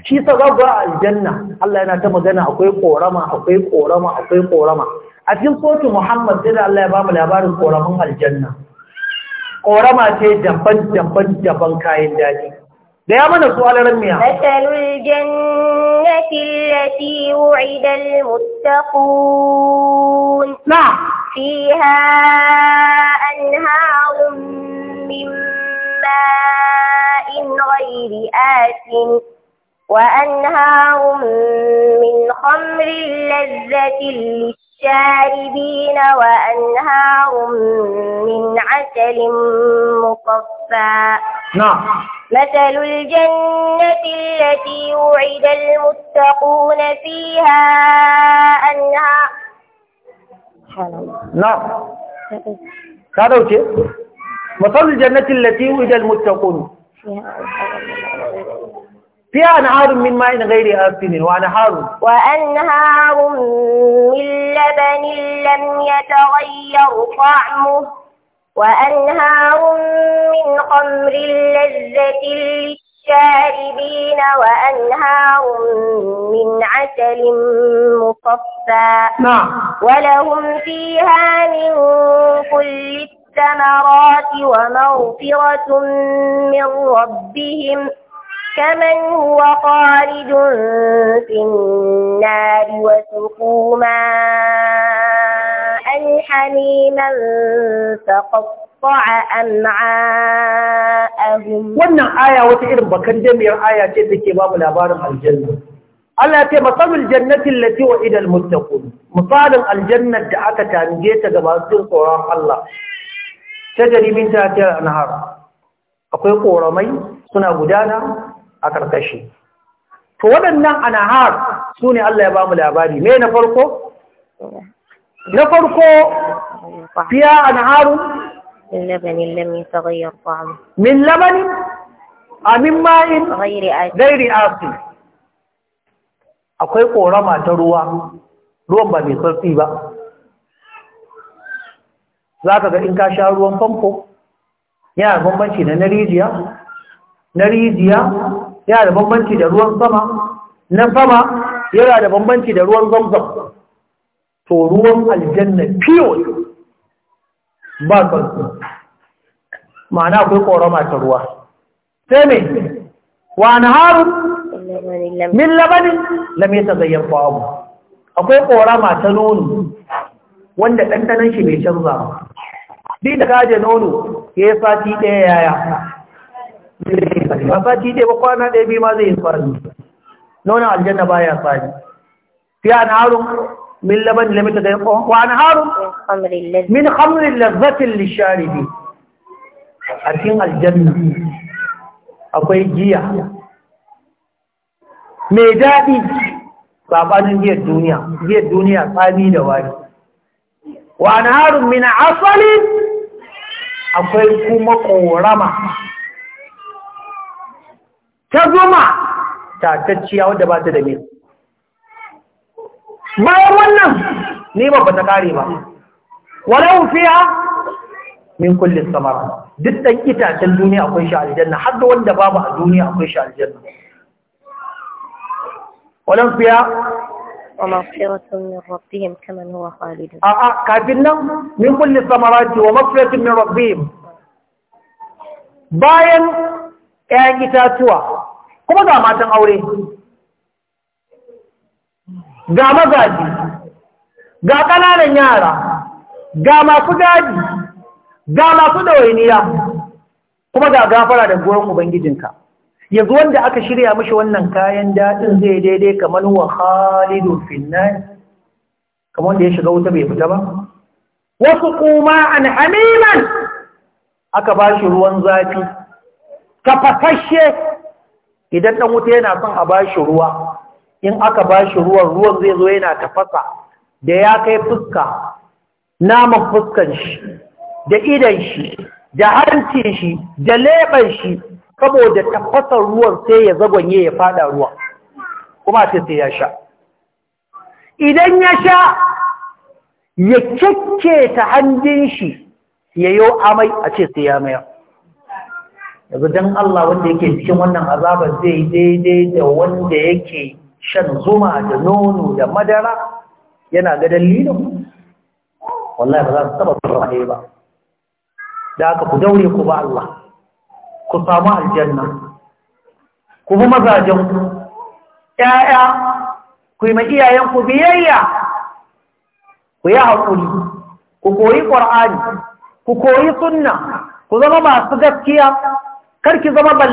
Speaker 1: shi sababu a aljanna Allah yana ta magana akwai korama akwai ƙorama, akwai ƙorama. a cikin sotu Muhammad sai da Allah ya ba mu labarin ƙoraman aljanna Ƙorama ce daban daban daban kayan daji da ya mana su alaran miya
Speaker 3: masalul jannati allati wu'ida almuttaqun na fiha anhar ماء غير آت وأنهار من خمر لذة للشاربين وأنهار من عسل مصفى نعم مثل الجنة التي وعد المتقون فيها أنها نعم, نعم.
Speaker 1: كذا مثل الجنة التي وجد المتقون فيها أنهار من ماء غير آسن وأنهار
Speaker 3: وأنهار من لبن لم يتغير طعمه وأنهار من خمر لذة للشاربين وأنهار من عسل مصفى نعم ولهم فيها من كل الثمرات ومغفرة من ربهم كمن هو خالد في النار وسقوا ماء حميما فقطع أمعاءهم
Speaker 1: wannan aya wata irin bakan jami'ar aya ce take babu labarin aljanna Allah ya ce masalul jannati allati wa'ida al-muttaqun misalin aljannar da aka tanije ta ga masu tsoron Allah tajari min tahtiyar anhar akwai koramai suna gudana a karkashi to waɗannan anhar sune Allah ya ba mu labari me na farko na farko fiya anharu min labanin lam yataghayyar ta'amu min labanin amin ma'in gairi asi akwai korama ta ruwa ruwan ba mai sarfi ba za ka ga in ka sha ruwan famfo yana da bambanci da na rijiya na rijiya yana da bambanci da ruwan sama na sama yana da bambanci da ruwan zamzam to ruwan aljanna fiyo ba kansu ma'ana akwai korama ta ruwa sai mai wa na haru min labanin lamai ta zayyar akwai korama ta nono wanda ɗanɗanon shi bai canza ba Bi da kaje nono ya yi sati ɗaya yaya ba fati ɗaya ba kwana ɗaya biyu ma zai yi tsari nonon aljanna ba ya tsari fi an harun min laban lamita da wa an harun min hamrin lazzatin lisharibi a cikin aljanna akwai giya mai daɗi saɓanin giyar duniya giyar duniya tsami da wari wa anharun min asalin akwai kuma korama ta zuma tatacciya wadda ba ta da mai bayan wannan ne ba ta kare ba walau fiya min kullin samara duk ɗan itacen duniya akwai shi aljanna har da wanda babu a duniya akwai shi aljanna walau fiya
Speaker 3: ومغفرة من ربهم كمن هو خالد كافرنا
Speaker 1: من كل الثمرات bayan ‘ya'yan itatuwa kuma ga matan aure ga mazaji ga ƙananan yara ga masu daji ga masu ɗawainiya kuma ga gafara da goron ubangijinka yanzu wanda aka shirya mashi wannan kayan daɗin zai daidai kamar wa khalidun finnai kamar wanda ya shiga wuta bai fita ba wasu kuma an hamiman aka ba shi ruwan zafi kafafashe idan ɗan wuta yana son a ba shi ruwa in aka ba shi ruwan ruwan zai zo yana tafasa da ya kai fuska naman fuskan shi da idan shi da hancin shi da leɓen shi saboda tafasar ruwan sai ya zagonye ya fada ruwa kuma ce sai ya sha idan ya sha ya kyakke ta hannun shi ya yi amai a ce sai ya mayar yanzu don Allah wanda yake cikin wannan azabar zai daidai da wanda yake shan zuma da nono da madara yana ga dalilin wallahi ba za su taba tsarrafe ba da aka ku daure ku ba Allah ku samu aljanna ku bi mazajenku, ku ƴaƴa ku yi ma iyayenku biyayya ku yi haƙuri ku koyi ƙur'ani ku koyi sunna ku zama masu gaskiya kar ki zama ba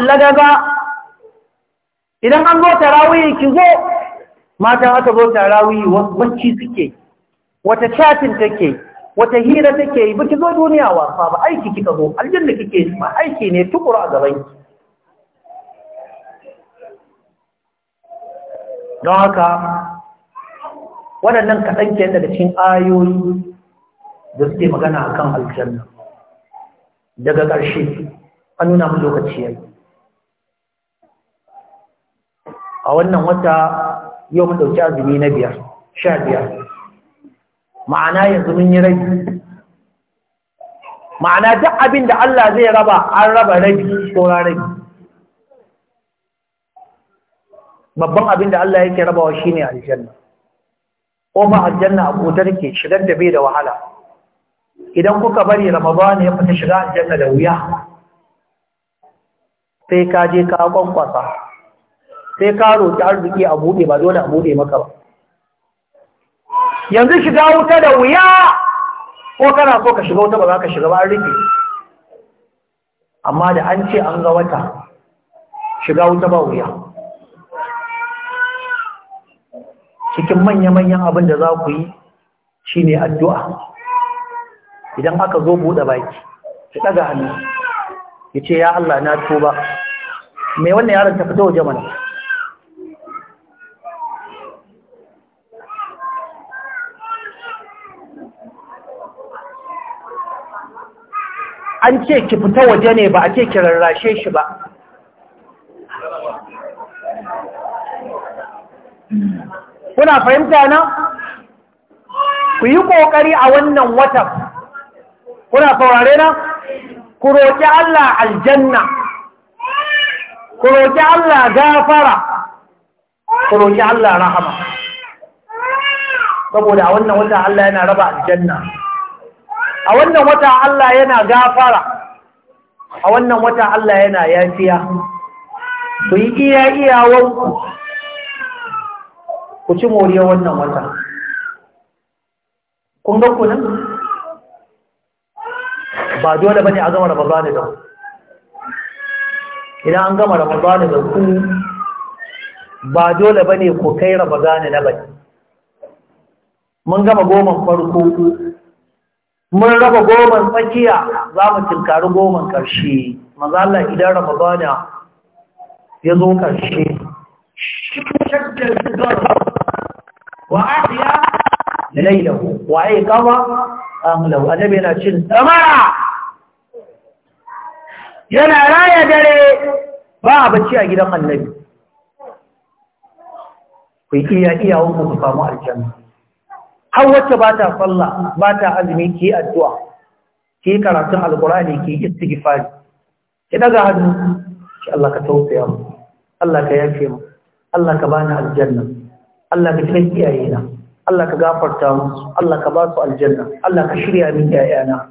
Speaker 1: idan an zo tarawihi ki zo matan aka zo tarawihi wacce suke wata chatin take wata hira take yi baki zo duniya wasa ba aiki kika zo aljanna kike ma aiki ne tukuru a gaban ki don haka waɗannan kaɗan ke da cikin ayoyi da suke magana a kan aljanna daga ƙarshe an nuna mu lokaci yayi a wannan wata yau mu ɗauki azumi na biyar sha biyar ma'ana yanzu mun yi rabi ma'ana duk abin da Allah zai raba an raba rabi ko rabi babban abin da Allah yake rabawa shine aljanna ƙofa aljanna a kotar ke shigar da bai da wahala idan kuka bari ramadana ya fita shiga aljanna da wuya sai ka je ka kwankwasa sai ka roƙi arziki a buɗe ba dole a buɗe maka ba yanzu shiga wuta da wuya ko kana so ka shiga wuta ba za ka shiga ba an rufe amma da an ce an ga wata shiga wuta ba wuya cikin manya-manyan abin da za ku yi shi ne addu'a idan aka zo buɗe baki ki ɗaga hannu ya ce ya Allah na tuba mai wannan yaron ta fito waje mana an ce ki fita waje ne ba a ce ki rarrashe shi ba kuna fahimta na ku yi kokari a wannan watan kuna saurare na ku roƙi Allah aljanna ku roƙi Allah gafara ku roƙi Allah rahama saboda a wannan watan Allah yana raba aljanna a wannan wata Allah yana gafara a wannan wata Allah yana yafiya ku yi iya wanku ku ci moriyar wannan wata kun ga kunan ba dole bane a gama ramadana da idan an gama ramadana da ku ba dole bane ku kai ramadana na bane mun gama goma farko mun raba goman tsakiya za mu tinkari goman ƙarshe mazala idan ramadana ya zo ƙarshe
Speaker 2: shi shakkar shigar
Speaker 1: kama annabi yana cin tsamara yana raya dare ba a bacci a gidan annabi ku iya iyawanku ku samu aljanna har wacce ba ta sallah ba ta azumi ki addu'a ki karatun alqur'ani ki istighfari ki daga hannu shi Allah ka tausaya mu Allah ka yafe mu Allah ka bani aljanna Allah ka tsare iyayena! Allah ka gafarta mu Allah ka ba su aljanna Allah ka shirya min iyayena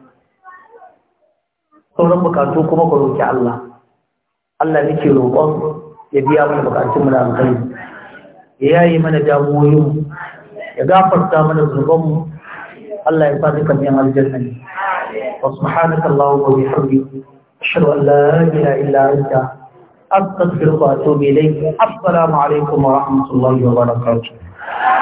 Speaker 1: sauran bukatu kuma ku roki Allah Allah nake roƙon ya biya mana bukatun mu da alkhairi ya yayi mana damuwoyin يغفرت من الذنوب الله يبارك في اعمال الجنه
Speaker 2: ان
Speaker 1: لا اله الا انت استغفرك واتوب اليك السلام عليكم ورحمه الله وبركاته